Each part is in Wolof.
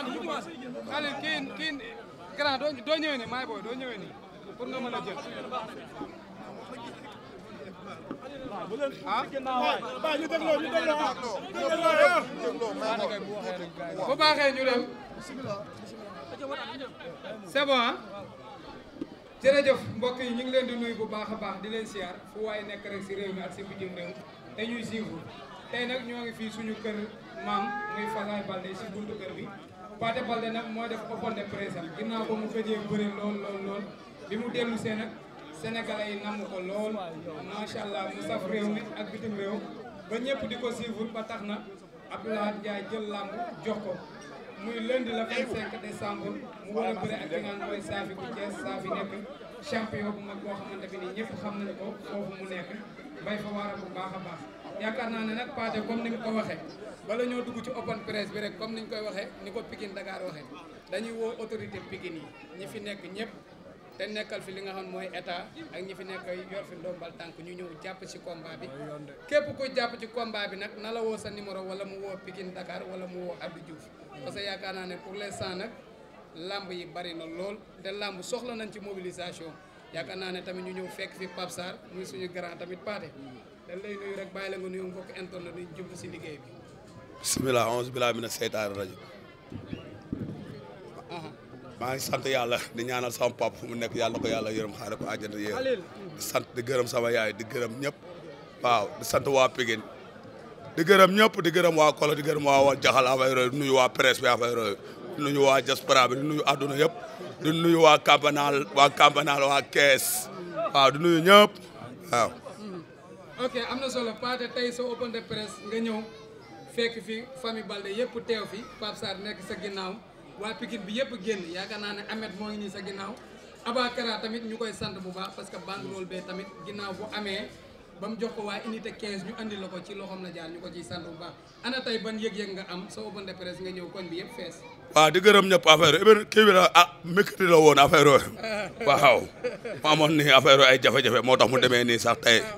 Xalil kii kii grand doo ñëwee nii maay booy doo ñëwee nii pour nga mën a jël. ah ñu dégloo ñu dégloo ah. bu baaxee ñu dem c'est bon ah. jërëjëf mbokk yi ñu ngi leen di nuy bu baax a baax di leen siyaar fu waaye nekk rek si réew mi ak si bitim réew te ñuy siiwu tey nag ñoo ngi fii suñu kër maam muy Fassane Balde si buntu kër bi. Pathé Baldé nag moo def open press am ginnaaw ba mu gëjee bëri lool lool lool bi mu dellu see nag sénégalais yi namm ko lool macha allah mu saf réew mi ak bitim réew ba ñëpp di ko suivre ba tax na Abdoulaye Ndiaye jël làmb jox ko muy lundi la 25 décembre mu war a bëri ak ki nga mooy Safi bu Thiès Safi nekk champion bu mag boo xamante bi ni ñëpp xam nañu ko foofu mu nekk bay fa waara bu baax a baax. yaakaar naa ne nag Pathé comme ni nga ko waxee bala ñoo dugg ci open press bi rek comme ni ñu koy waxee ni ko Pikine Dakar waxee dañuy woo autorité Pikine yi ñi fi nekk ñëpp te nekkal fi li nga xam mooy état ak ñi fi nekk yor fi ndombal tànk ñu ñëw jàpp ci combat bi képp ku jàpp ci combat bi nag na la woo sa numéro wala mu woo Pikine Dakar wala mu woo Abdou Diouf parce yaakaar naa ne pour l'instant nag làmb yi bari na lool te lamb soxla nañ ci mobilisation yaakaar naa ne tamit ñu ñëw fekk fi Pape Sarr suñu grand tamit Pathé dañ lay nuyu rek bàyyi la nga nuyu mbokk internet yi jublu si liggéey bi bismillah onze billah mina seytaani rajim di sama papa fu mu nekk yàlla ko yàlla yërëm xaare ko àjjana yéen di sant di gërëm sama yaay di gërëm ñëpp waaw di sant waa Pikine di gërëm ñëpp di gërëm waa Kolo nuyu waa presse bi afay royu di nuyu di nuyu àdduna waaw ok am na solo Pathé tey so open de presse nga ñëw fekk fi famille Balde yëpp teew fi Pape nekk sa ginnaaw waa Pikine bi yëpp génn yaakaar naa ne Ameth moo ngi nii sa ginnaaw Abakara tamit ñu koy sant bu baax parce que banderole bee tamit ginnaaw bu amee. bam jox ko waa unité 15 ñu andi lako ci loxom la jaar ñuko ci ciy sant bu baax ana tay ban yeg yeg nga am sa open de presse nga ñew koñ bi yëpp fess wa di gërëm ñep affaire yooyu kii bi la ah mekkati la woon affaire yooyu waaw ma mon ni affaire ay jafé jafé motax mu démé ni sax tey ah,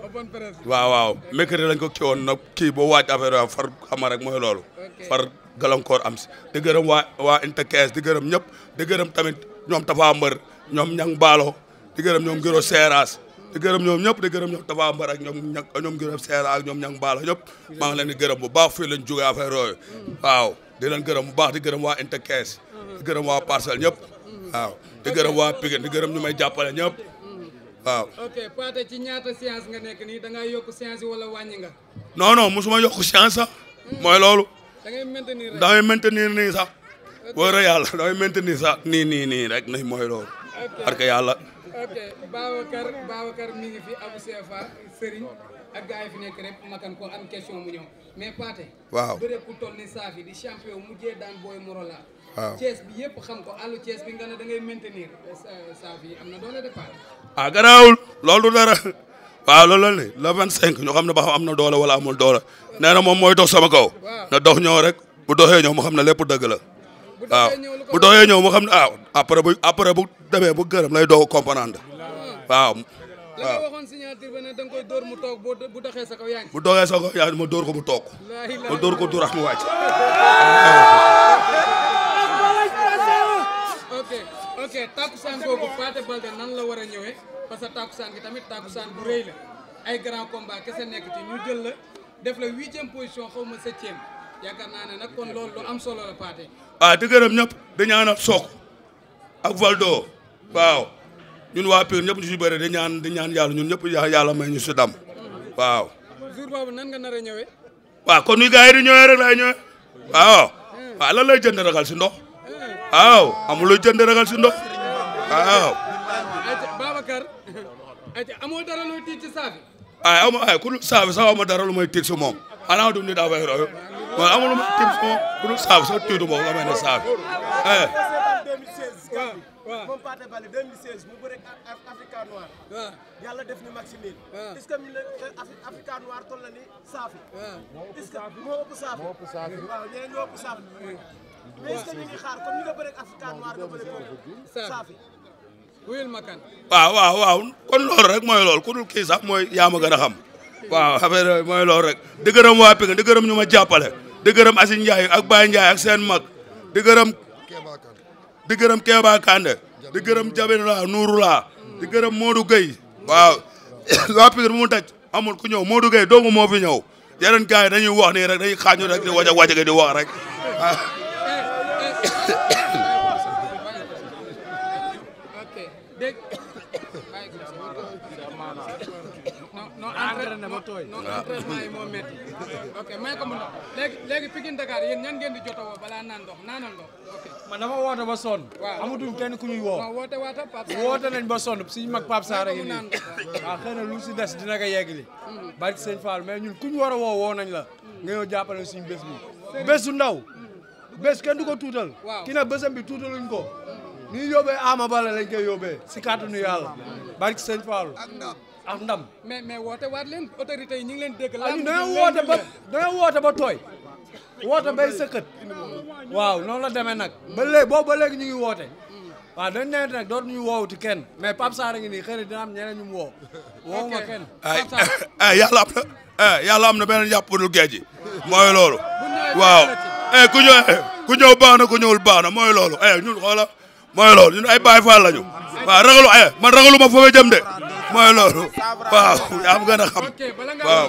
waaw waaw mekkati lañ ko ci woon nag ki bo waaj affaire far xam rek moy lolu far galankor am si di gërëm wa wa unité 15 di gërëm ñep di gërëm tamit ñom Tafa mbeur ñom Ñang balo di gërëm ñom gëro séras di gërëm ñoom ñëpp di gërëm ñoom Tafa Mbar ak ñoom ña ñoom gërëm Seera ak ñoom ñang Baala ñëpp maa ngi leen di gërëm bu baax fii lañ jógee affaire yooyu waaw di leen gërëm bu baax di gërëm waa Intercaisse di gërëm waa Parcelles ñëpp waaw di gërëm waa Pikine di gërëm ñu may jàppale ñëpp waaw ok ci ñaata séance nga nekk nii da ngaa yokk séance yi wala wàññi nga non non mosuma yokk séance sax mooy loolu da ngay maintenir da ngay maintenir nii sax wóor na yàlla da ngay maintenir sax nii nii nii rek na mooy ok Babacar Babacar fi Abou CFA Serigne ak gars yi fi nekk rek makan ko am question mu ñëw mais Pathé. waaw bëre ku toll ni Safi di champion mujjee daan booy Morola. waaw Thiès bi yëpp xam ko àllu Thiès bi nga ne da ngay maintenir euh, Safi am na doole de Pathé. ah garaawul loolu dara waaw loolu la vingt cinq ñu xam ne ba xam am na doole wala amul doole nee na moom mooy dox sama kaw. na dox ñëw rek bu doxee ñëw mu xam ne lépp dëgg la. waaw bu doxee ñëw mu xam ah, demee bu gërëm lay doog a comprendre waaw. la nga waxoon signature ba ne da koy dóor mu toog bu doxee sa kaw yaa bu doxee sa kaw yaa ngi ma dóor ko mu toog ma dóor ko duraat mu wàcc. ok ok takkusaan googu nan la war a ñëwee parce que takkusaan gi tamit takkusaan bu rëy la ay grand combat kese nekk ci ñu jël la def la huitième position xaw ma septième yaakaar naa ne nag kon loolu lu am solo la Pathé. ah di gërëm ñëpp di ñaanal Sokh ak Valdo waaw ñun waa Pire ñëpp ñu di ñaan di yàlla ñun ñëpp yàlla may ñu si dam waaw. jour boobu nan nga nar di ñëwee rek laay ñëwee waaw. waaw lan lay jënd ragal si ndox. waaw amul lay jënd ragal si ndox waaw. Babacar. saafi. ay amoo ay ku saafi dara lu si moom xanaa ma tiit si moom ku saafi sax tiitu moom waaw moom Pathé Baldé 2016 waaw yàlla def ni Maximil. waaw est-ce waaw est-ce que moo ëpp Saafi moo ëpp ma kon loolu rek mooy loolu ku kii sax mooy yaa ma gën a xam. waaw affaire mooy loolu rek di gërëm waa Pikine di ñu ma jàppale di gërëm Asin ak Baye Ndiaye ak seen mag di di gërëm Kéba Kande di gërëm Jabira Nourula di gërëm moodu Gueye waaw waa Pikine bu mu daj amul ku ñëw moodu Gueye doomu moo fi ñëw yeneen gars yi dañuy wax nii rek dañuy xaañu rek di wàcc wàcc di wax rek na ba tooy. non entraînement yi moo léegi léegi Pikine Dakar yéen di jotawoo balaa naan ndox naanal ndox. ok man dama ba sonn. waaw amatuñ ku ñuy woo. waaw woote waata Pape Sarr woote nañ ba sonn suñu mag Pape Sarr na lu si des dina ko yeggali. Hmm. bari sëñ Fall mais ñun ku ñu war a woo woo nañ la. Hmm. nga ñëw jàppale suñu bés bi. ndaw hmm. bés kenn du ko tuutal. waaw ki na bésam bi tuutaluñ ko. ni ñu yóbbee Ama Baldé lañ koy yóbbee si kàttanu yàlla barki ak ndam. mais mais woote waat leen autorité yi ñu ngi leen dégg. Ah, la ñu dañoo woote ba dañoo woote ba tooy woote waaw noonu la demee nag. ba léegi boobu ba léegi ñu ngi woote. waaw dañ ne nag dootuñu woowuti kenn mais Pape Sarr a ngi nii xëy na dina am ñeneen ñu mu woo. woowu ma kenn Pape Sarr ay eh, eh, yàlla am na eh, yàlla am na beneen yàppandul géej gi mooy loolu. waaw ku ñëw ku ñëw baax na ku ñëwul baax na mooy loolu ñun xoola mooy loolu ñun ay Baye Fall lañu. waaw ragalu ay man ragalu ma foofu jëm de. mooy loolu waaw am gën a xam waaw.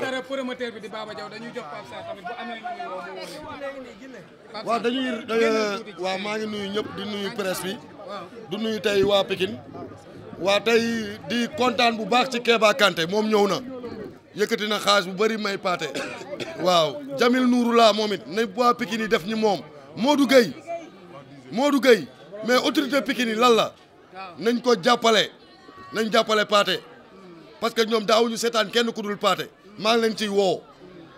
waaw dañuy waa maa ngi nuyu ñëpp di nuyu presse bi du nuyu tey waa Pikine waa tey di kontaan bu baax ci Keba Kanté moom ñëw na yëkkati na xaalis bu bëri may paate waaw Jamil Nuuru laa moom it ne waa Pikine def ñi moom Modou Gueye Modou Gueye mais autorité Pikine yi lan la nañ ko jàppale nañ jàppale paate parce que ñoom daawuñu seetaan kenn ku dul paate maa ngi leen ciy woo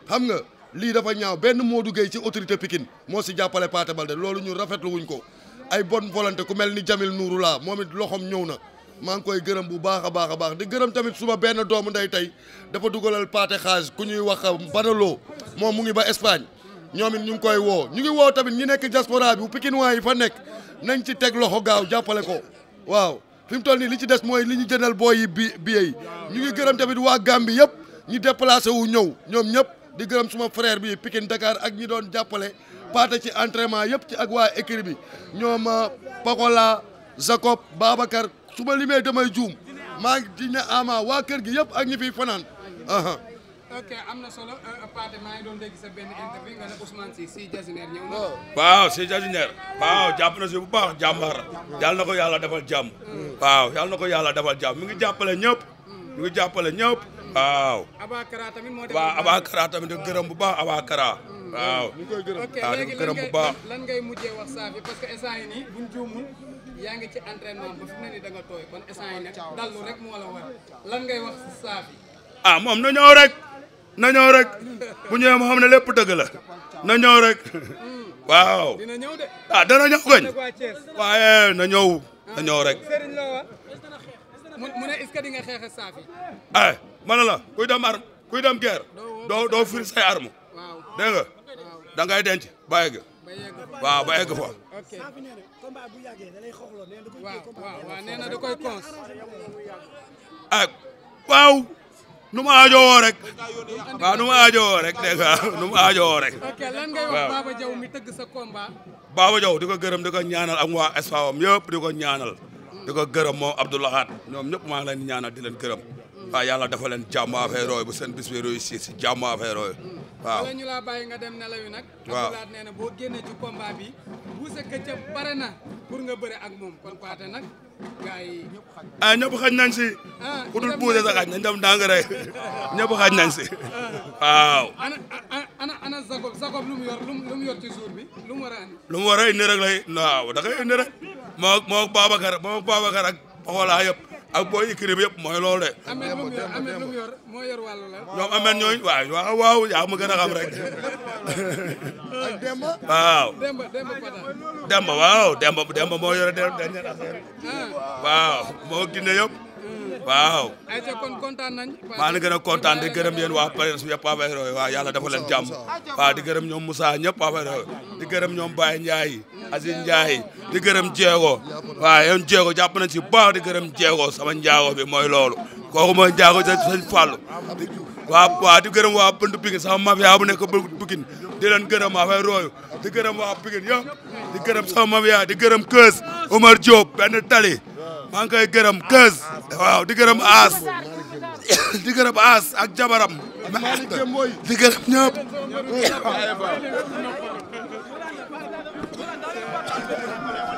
xam nga lii dafa ñaaw benn Modou Gueye ci autorité pikin moo si jàppale Paate Balde loolu ñu rafetlu wuñ ko ay bon volonté ku mel ni Jamil Nuuru laa moom it loxoom ñëw na maa ngi koy gërëm bu baax a baax a baax di gërëm tamit suba benn doomu nday tey dafa dugalal paate xaaj ku ñuy wax loo moom mu ngi ba Espagne ñoom it ñu ngi koy woo ñu ngi woo tamit ñu nekk diaspora bi bu Pikinois yi fa nekk nañ ci teg loxo gaaw jàppale ko waaw fi mu toll nii li ci des mooy li ñu jëndal booy yi bi billet ñu ngi gërëm tamit waa Gambie yëpp ñu déplacé wu ñëw ñoom ñëpp di gërëm suma frère bi Pikine Dakar ak ñi doon jàppale paate ci entraînement yëpp ci ak waa écrit bi ñoom euh, Pakola Jacob Babacar su ma limee damay juum maa ngi di ne waa kër gi yëpp ak ñi fiy fanaan am na solo Pathé euh, waaw si jasinaire waaw jàpp na si bu baax jàmbaar yàlla na ko yàlla defal jàmm. waaw yàlla na ko yàlla defal jàmm mi ngi jàppale ñëpp. mi ngi jàppale ñëpp. tamit moo def. waaw tamit gërëm bu baax Abakara. waaw ñu koy gërëm ok ngay mujjee wax Safi parce que instant nii buñ juumul yaa ngi ci entraînement ba fi mu ne nii da tooy kon instant yii dallu rek moo la war lan ngay wax Safi ah moom na ñëw rek na ñëw rek bu ñëwee moo xam ne lépp dëgg la na ñëw rek waaw ah dana ñëw gañ waaye na ñëw na ñëw rek mu eh, ne la kuy dem arme kuy dem guerre doo doo firi say arme nga da ngay denc ba yegg waaw ba egg fa ah waaw nu mu aajowoo rek waaw nu mu aajowoo rek dégg nu mu aajowoo rek. ok lan ngay wax Baba Diaw mi tëgg sa combat. Baba Diaw di ko gërëm di ko ñaanal am waa Espaam yëpp di ko ñaanal. di ko gërëm moom Abdoulahat ñoom ñëpp maa ngi leen ñaanal di leen gërëm. waaw yàlla dafa leen jàmm affaire bu seen bis bi réussir si jàmm affaire yooyu. waaw wala laa bàyyi nga dem nelaw yi nag. waaw pour nga bëre ak moom kon Pathé nag gars ah, xaj nañ si. ah ku dul puudar sax xaj nañ dem ndànk rek ñëpp xaj nañ si ah. waaw. ana ana ana Jacob Jacob yor lu yor ci jour bi lu mu war a indi. lu mu war a indi rek lay waaw da koy indi rek moo moo Babacar moo ak booy écurie bi yëpp mooy loolu de. ñoom amen ñooy waaw waaw waaw yaa ma gën a xam rek. waaw. Demba waaw Demba Demba moo yore dernière affaire. Ah. waaw moo gine yëpp. waaw. kon kontaan nañ. maa na gën a kontaan di gërëm yen waa presse bi yëpp affaire yooyu waa yàlla dafa leen jàmm. waaw di gërëm ñoom Moussa ñëpp affaire yooyu di gërëm ñoom Baye Ndiaye Aziz Ndiaye di gërëm Diego waaw yoon Diego jàpp nañ si baax di gërëm Diego sama njaago bi mooy loolu kooku mooy njaago sa sëñ waaw waaw di gërëm waa Buntu Pikine sama mafia bu nekk Pikine di leen gërëm affaire yooyu di gërëm waa Pikine yëpp di gërëm sama di gërëm Keus benn tali maa ngi koy gërëm keus waaw di gërëm aas di gërëm aas ak jabaram di gërëm ñëpp